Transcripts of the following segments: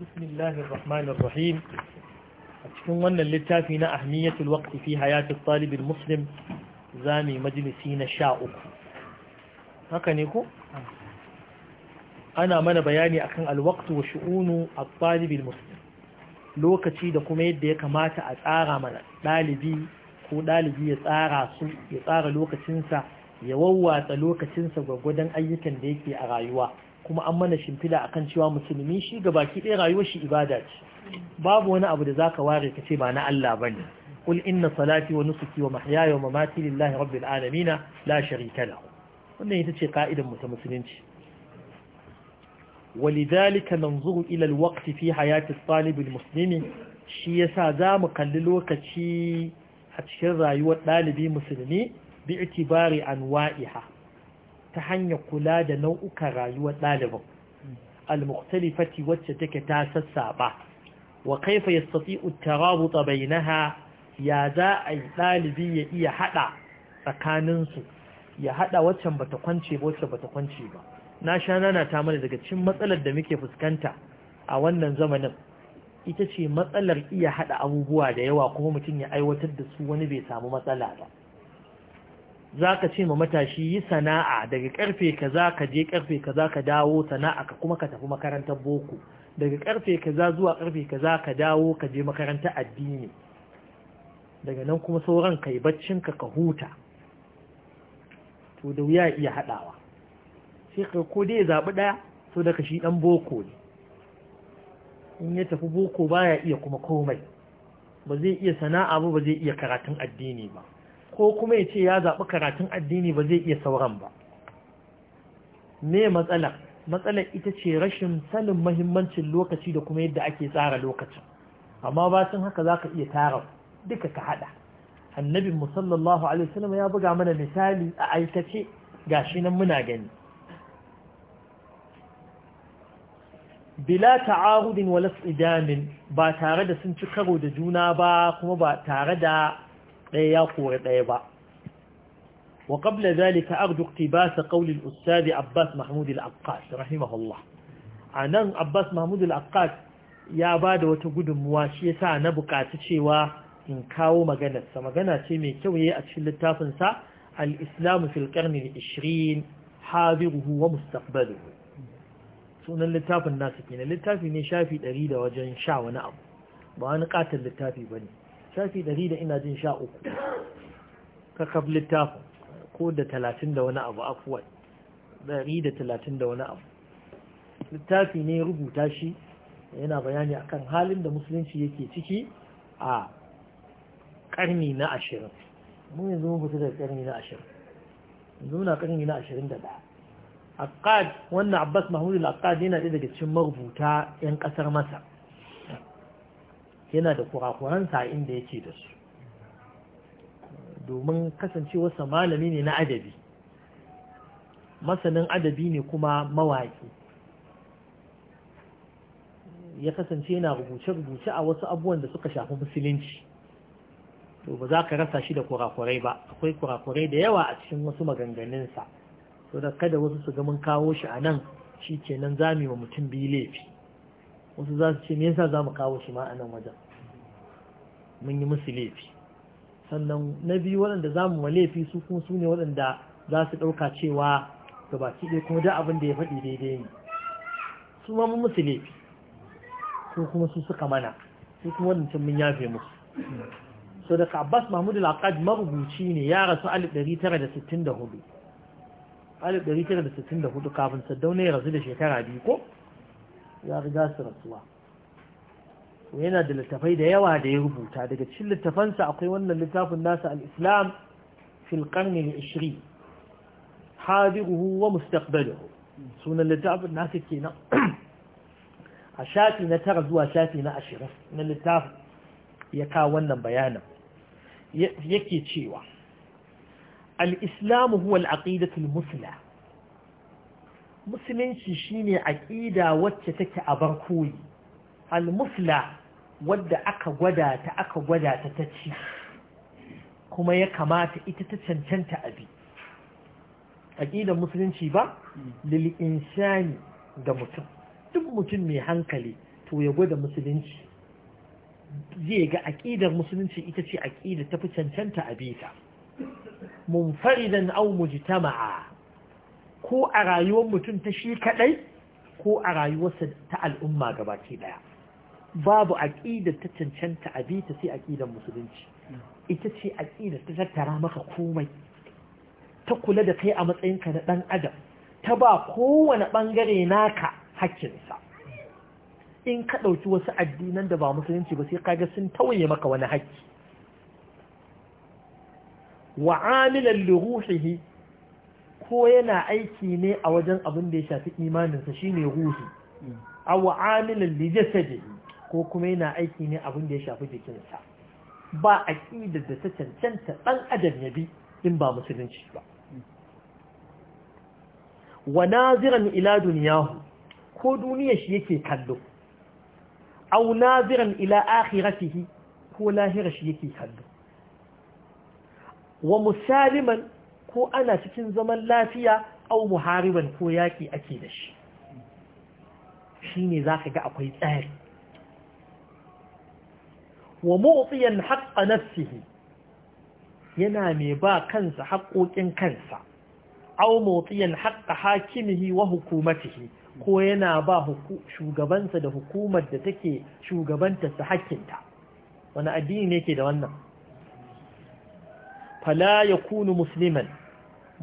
بسم الله الرحمن الرحيم أتكون وانا للتافي أهمية الوقت في حياة الطالب المسلم زامي مجلسين شاؤك هكا نيكو أنا من بياني أكن الوقت وشؤون الطالب المسلم lokaci da kuma yadda ya kamata a tsara mana ɗalibi ko ɗalibi ya tsara su ya tsara lokacinsa ya wawwatsa lokacinsa gwaggwadon ayyukan da yake a rayuwa kuma an mana shimfida akan cewa musulmi shi ga baki ɗaya rayuwar shi ibada ce babu wani abu da zaka ware ka ce ba na Allah bane qul inna salati wa nusuki wa mahyaya wa mamati lillahi rabbil alamin la sharika lahu wannan ita ce ka'idar mu ta musulunci ولذلك ننظر إلى الوقت في حياة الطالب المسلم شيء kalli قللوك a cikin rayuwar ɗalibi musulmi باعتبار أنوائها ta hanyar kula da nau'ukan rayuwar ɗaliban al-mukhtalifati wacce take ta sassaba wa kaifa yastati'u tarabuta bainaha ya za a ɗalibi ya iya hada tsakaninsu? ya hada waccan bata kwance ba wacce bata kwance ba na sha nana ta mana daga cikin matsalar da muke fuskanta a wannan zamanin ita ce matsalar iya hada abubuwa da yawa kuma mutum ya aiwatar da su wani bai samu matsala ba za ka ce ma matashi yi sana'a daga karfe za ka je karfe za ka dawo sana'a ka kuma ka tafi makarantar boko daga karfe za zuwa karfe za ka dawo ka je makarantar addini daga nan kuma sauran kai baccin ka ka huta to da wuya iya haɗawa sai ka ko dai zaɓi ɗaya so daga shi ɗan boko ne in ya tafi boko baya iya kuma komai ba zai iya sana'a ba ba zai iya karatun addini ba ko kuma ya ce ya zaɓi karatun addini ba zai iya sauran ba me matsala matsalar ita ce rashin sanin mahimmancin lokaci da kuma yadda ake tsara lokacin amma ba sun haka za ka iya tara duka ka haɗa annabin musallallahu alaihi wasallam ya buga mana misali a aikace ga shi nan muna gani bila ta'arudin wala idamin ba tare da sun ci karo da juna ba kuma ba tare da ɗaya ya kore ɗaya ba wa ƙabla zalika arju iqtibas qawl al-ustad Abbas Mahmud al rahimahullah a nan Abbas Mahmud Akkad ya ya bada wata gudunmuwa shi yasa na bukaci cewa in kawo maganarsa magana ce mai kyau yi a cikin littafin sa al-Islam fil qarn al-20 wa sunan littafin nasu kenan littafi ne shafi ɗari da wajen sha wani abu ba wani katon littafi bane shafi ɗari da ina jin sha uku kakab littafin ko da talatin da wani abu afuwai ɗari da talatin da wani abu littafi ne rubuta shi yana bayani akan halin da musulunci yake ciki a karni na ashirin mun yanzu mun fita daga karni na ashirin yanzu muna karni na ashirin da ɗaya aqad wannan abbas mahmud al-aqad yana ɗaya daga cikin marubuta 'yan ƙasar masar yana da kurakuransa inda yake da su domin kasancewarsa malami ne na adabi masanin adabi ne kuma mawaƙi ya kasance yana rubuce-rubuce a wasu abubuwan da suka shafi musulunci to ba za ka rasa shi da kurakurai ba akwai kurakurai da yawa a cikin wasu maganganunsa to da kada wasu su gamin kawo shi a nan shi kenan zami wa mutum biyu laifi wasu za su ce me yasa za mu kawo shi ma a nan wajen mun yi musu laifi sannan na biyu waɗanda za mu laifi su kuma su ne waɗanda za su ɗauka cewa gabaki ɗaya kuma da abin da ya faɗi daidai ne su ma mun musu laifi ko kuma su suka mana su kuma wadancan mun yafe musu so daga abbas mahmud al-aqad marubuci ne ya rasu 1964 1964 kafin saddauna ya rasu da shekara biyu ko ya riga su rasuwa yana da littafai da yawa da ya rubuta daga cikin littafansa akwai wannan littafin nasa al-islam fil qarni 20 hadiruhu wa mustaqbaluhu sunan littafin nasa kenan a shafi na tara zuwa shafi na ashirin na littafin ya kawo wannan bayanin yake cewa al islamu huwa al-aqidatu musulunci shine aqida wacce take a barkoyi al-musla wadda aka gwada ta aka gwada ta ta ci kuma ya kamata ita ta cancanta abi aqidar musulunci ba hmm. lil insani ga mutum duk mutum mai hankali to ya gwada musulunci zai ga aqidar musulunci ita ce aqida ta fi cancanta abi ta munfaridan aw mujtama'a ko a rayuwar mutum ta shi kaɗai ko a rayuwarsa ta al'umma gabaki ɗaya babu aƙidar ta cancanta a bita sai aƙidar musulunci ita ce aƙidar ta tattara maka komai ta kula da kai a matsayinka na ɗan adam ta ba kowane ɓangare naka hakkinsa in ka ɗauki wasu addinan da ba musulunci ba sai ka ga sun tauye maka wani hakki wa amilan li ko yana aiki ne a wajen abin da ya shafi imaninsa shine ruhi aw amilan li jasadihi ko kuma yana aiki ne abin da ya shafi jikinsa ba aqida da ta cancanta dan adam ya bi in ba musulunci ba wa naziran ila duniyahu ko duniya shi yake kallo aw naziran ila akhiratihi ko lahira shi yake kallo wa musaliman ko ana cikin zaman lafiya au muhariban ko yaƙi ake da shi shi ne za ka ga akwai tsari wa haƙa na nafsihi yana mai ba kansa haƙoƙin kansa au motsiyan haqqa hakimihi wa hukumatihi ko yana ba shugabansa da hukumar da take shugabanta su hakkinta wani addini ne ke da wannan fala ya kuna musliman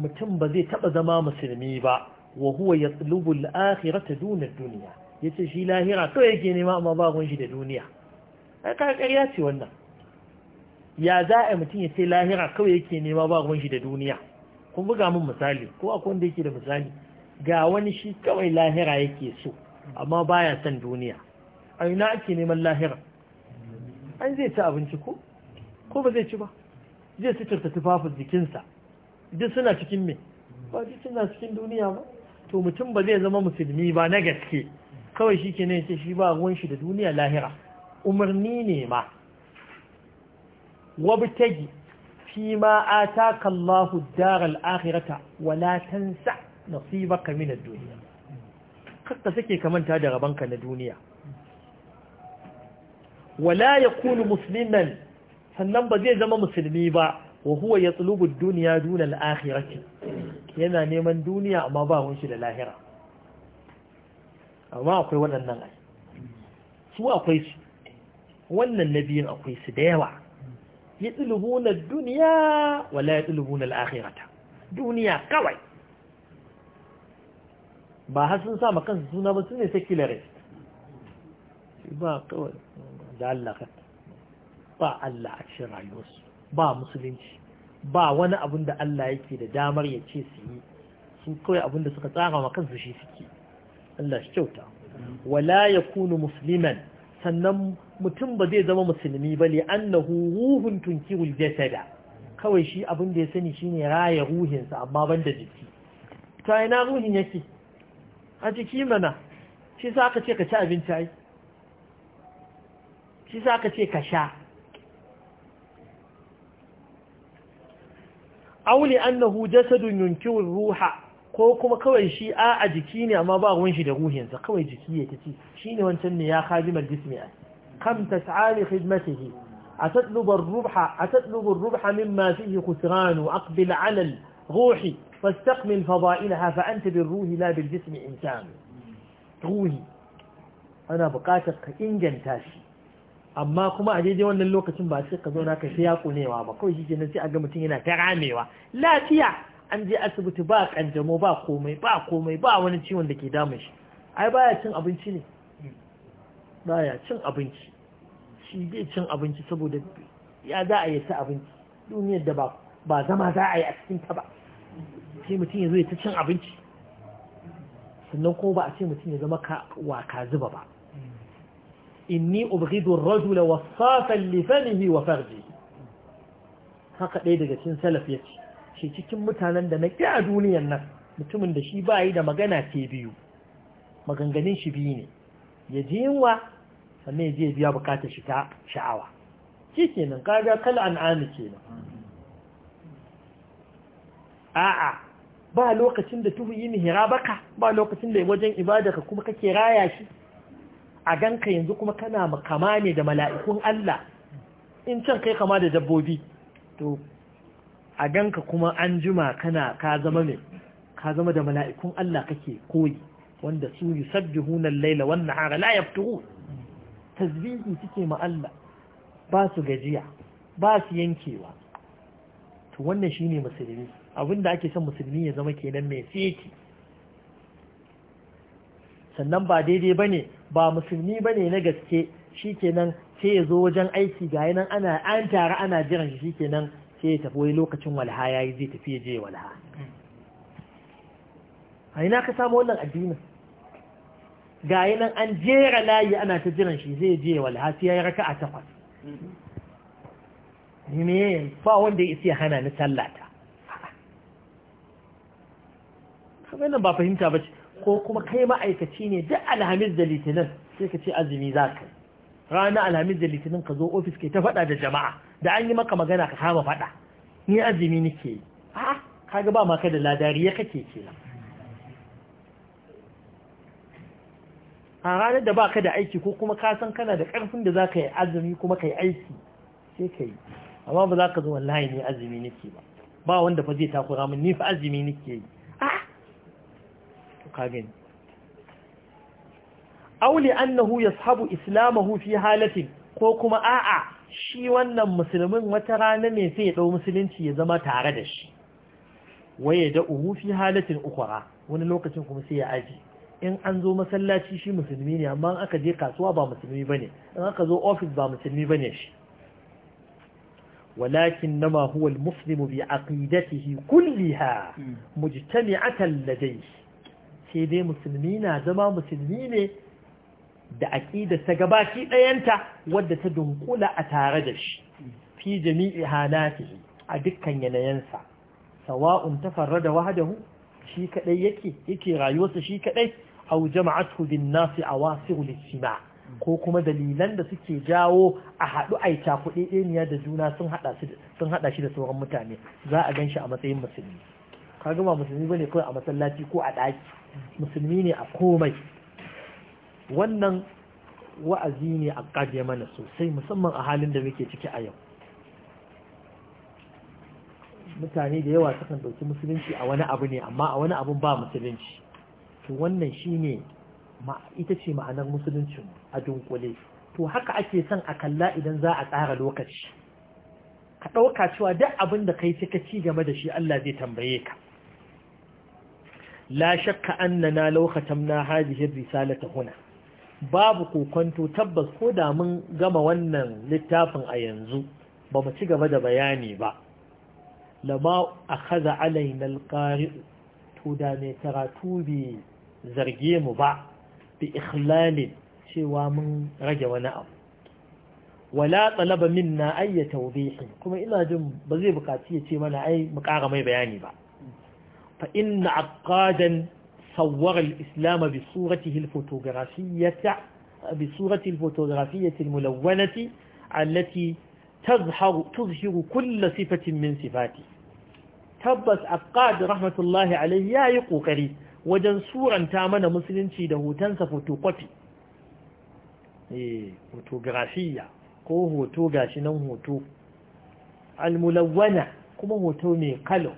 mutum ba zai taba zama musulmi ba wa huwa yatlubu al akhirata dunar dunya ce shi lahira kawai yake nema amma ba shi da duniya ka ƙarƙarya ce wannan ya za a mutum ya lahira kawai yake nema ba shi da duniya kun buga min misali ko akwai wanda yake da misali ga wani shi kawai lahira yake so amma baya son duniya a ina ake neman lahira an zai ci abinci ko ko ba zai ci ba zai suturta tufafin jikinsa duk suna cikin me ba duk suna cikin duniya ba to mutum ba zai zama musulmi ba na gaske kawai shi ke nan shi ba ruwan shi da duniya lahira umarni ne ma wabtagi fi ma ataka Allahu daral akhirata wala tansa nasibaka min ad-dunya kakka sake kamanta da rabanka na duniya wala yakunu musliman sannan ba zai zama musulmi ba wa huwa yatlubu ad-dunya duna al yana neman duniya amma ba wani da lahira amma akwai waɗannan ai su akwai su wannan na nabiyin akwai su da yawa yatlubuna ad-dunya wa la yatlubuna al duniya kawai ba har sun sa kansu suna ba su ne secularist ba kawai da Allah ba Allah a cikin rayuwarsu ba musulunci ba wani abun da Allah yake da damar ya ce su yi su kawai abin da suka tsara ma kansu shi suke Allah shi kyauta wala ya kunu musulman sannan mutum ba zai zama musulmi ba li annahu ruhun tunkirul jasada kawai shi abin da ya sani shine raya ruhinsa amma ban da jiki ta ina ruhin yake a jiki mana shi sa aka ce ka ci abinci ai shi sa aka ce ka sha aw li annahu jasadun yunkiru ruha ko kuma kawai shi a a jiki ne amma ba ruwan shi da ruhin sa kawai jiki yake ci shine wancan ne ya khadimal jismi kam tas'a li khidmatihi atadlubu ar-rubha atadlubu ar-rubha mimma fihi khusran aqbil 'ala الروح فاستقمل فضائلها فأنت بالروح لا بالجسم إنسان روحي أنا بقاتك إنجن تاشي amma kuma a daidai wannan lokacin ba sai ka zauna ka sai ya kunewa ba kawai shi kenan sai a ga mutum yana ta ramewa lafiya an je asibiti ba kanjamo ba komai ba komai ba wani ciwon da ke damun shi ai baya cin abinci ne baya cin abinci shi zai cin abinci saboda ya za a yi ta abinci duniyar da ba zama za a yi a cikin ta ba sai mutum ya zo ya ta cin abinci sannan kuma ba a ce mutum ya zama wa ka zuba ba inni ubghidu ar-rajula wasafan li fanihi wa farji. haka ɗaya daga cikin salaf yace shi cikin mutanen da nake a duniyar nan mutumin da shi ba yi da magana ce biyu maganganun shi biyu ne ya ji yunwa sannan ya je biya bukatar shi ta sha'awa shi kenan kaga kala an'ami kenan a'a ba lokacin da tuhu yin baka ba lokacin da wajen ibada ka kuma kake raya shi a ganka yanzu kuma kana kama ne da mala'ikun Allah in can kai kama da dabbobi to a ganka kuma an jima kana ka zama mai ka zama da mala'ikun Allah kake koyi wanda su yi sabbi hunan laila wannan hara la ya fito tasbihi suke ma Allah ba su gajiya ba su yankewa to wannan shi ne musulmi abinda ake son musulmi ya zama kenan mai seti sannan ba daidai ba ne ba musulmi ba ne na gaske shi kenan sai ya zo wajen aiki ga nan ana an tare ana jiran shi shi kenan sai ya tafi wai lokacin walha ya yi zai tafi ya je walha a ina ka samu wannan addinin ga nan an jera layi ana ta jiran shi zai je walha sai ya yi raka a takwas ne ba wanda ya isa hana ni sallata kamar nan ba fahimta ba ce ko kuma kai ma'aikaci ne duk alhamis da litinin sai ka ce azumi za ka rana alhamis da litinin ka zo ofis ke ta faɗa da jama'a da an yi maka magana ka kama faɗa ni azumi nake yi a kaga ba maka da ladari ya kake kenan a ranar da baka da aiki ko kuma ka san kana da ƙarfin da za ka yi azumi kuma ka yi aiki sai ka yi amma ba za ka zo wallahi ni azumi nake ba ba wanda fa zai takura min ni fa azumi nake yi kagani auli annahu yashabu islamahu fi halatin ko kuma a'a shi wannan musulmin wata rana ne sai ya dau musulunci ya zama tare da shi waye da uhu fi halatin ukhra wani lokacin kuma sai ya aji in an zo masallaci shi musulmi ne amma aka je kasuwa ba musulmi bane in aka zo ofis ba musulmi bane shi walakin nama huwa almuslimu bi aqidatihi kulliha mujtami'atan ladayhi sai dai musulmi na zama musulmi ne da aƙida ta gabaki ɗayanta wadda ta dunkula a tare da shi fi jami'i halatihi a dukkan yanayensa sawa'un da wahadahu shi kadai yake yake rayuwarsa shi kadai aw jama'athu bin nasi awasiru lijtima ko kuma dalilan da suke jawo a haɗu ai cakuɗe ɗeniya da juna sun haɗa shi da sauran mutane za a gan shi a matsayin musulmi kaga ba musulmi bane kawai a masallaci ko a ɗaki musulmi ne a komai wannan wa'azi ne a ƙaje mana sosai musamman a halin da muke ciki a yau mutane da yawa sukan ɗauki musulunci a wani abu ne amma a wani abun ba musulunci to wannan shine ita ce ma'anar musuluncin a dunkule to haka ake son a kalla idan za a tsara lokaci ka ɗauka cewa duk abin da kai cika ci game da shi Allah zai tambaye ka la shakka annana law khatamna hadhihi risalata huna babu kokonto tabbas ko da mun gama wannan littafin a yanzu ba mu ci gaba da bayani ba lama akhadha alaina al to da ne karatu bi zarge mu ba bi ikhlalin cewa mun rage wani abu wala talaba minna ayya tawbihin kuma ina jin ba zai bukaci ya ce mana ai mu kara mai bayani ba فإن عقادا صور الإسلام بصورته الفوتوغرافية بصورة الفوتوغرافية الملونة التي تظهر, تظهر كل صفة من صفاته tabbas aqad rahmatullahi ya yi ƙoƙari wajen suranta mana musulunci da hotonsa photocopy eh photographiya ko hoto gashi hoto almulawwana kuma hoto mai kalo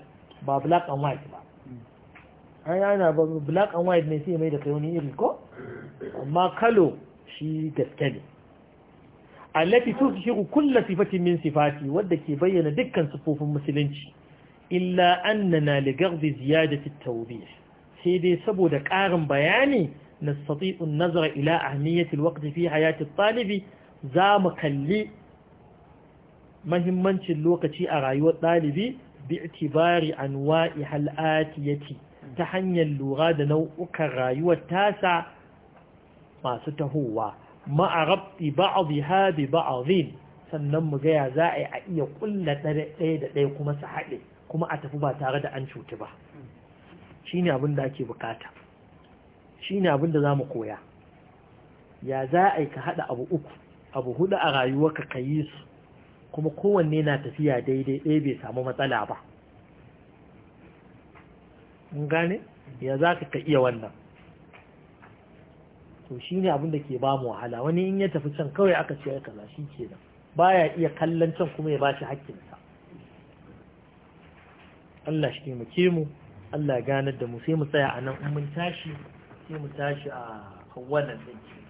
ba black and ba kai ana black and white ne sai mai da kai wani iri ko amma kalo shi gaske ne allati tushiru kullu sifatin min sifati wadda ke bayyana dukkan sifofin musulunci illa annana li ghadhi ziyadati at-tawdih sai dai saboda ƙarin bayani nastati'u an-nazara ila ahmiyati al-waqti fi hayati at-talibi za mu kalli mahimmancin lokaci a rayuwar ɗalibi bi itibari anwa'i hal'atiyati ta hanyar lura da nau'ukan rayuwar tasa masu tahowa ma'arabti ba'adhi habi ba'adhin sannan mu gaya za a yi a iya kulla ɗaya da ɗaya kuma su haɗe kuma a tafi ba tare da an cuti ba shi ne abin da ake bukata shi ne abin da za mu koya ya za a yi ka haɗa abu uku abu hudu a rayuwar ka kayi su kuma kowanne na tafiya daidai ɗaya bai samu matsala ba gane ya za ka iya wannan to shi ne abinda ke ba mu wahala wani in ya tafi can kawai aka ce ya kaza shi ke nan ba ya iya kallon can kuma ya ba shi haƙƙinsa Allah shi taimake mu Allah ganar da mu sai mu tsaya a nan in mun tashi sai mu tashi a wannan ɗinki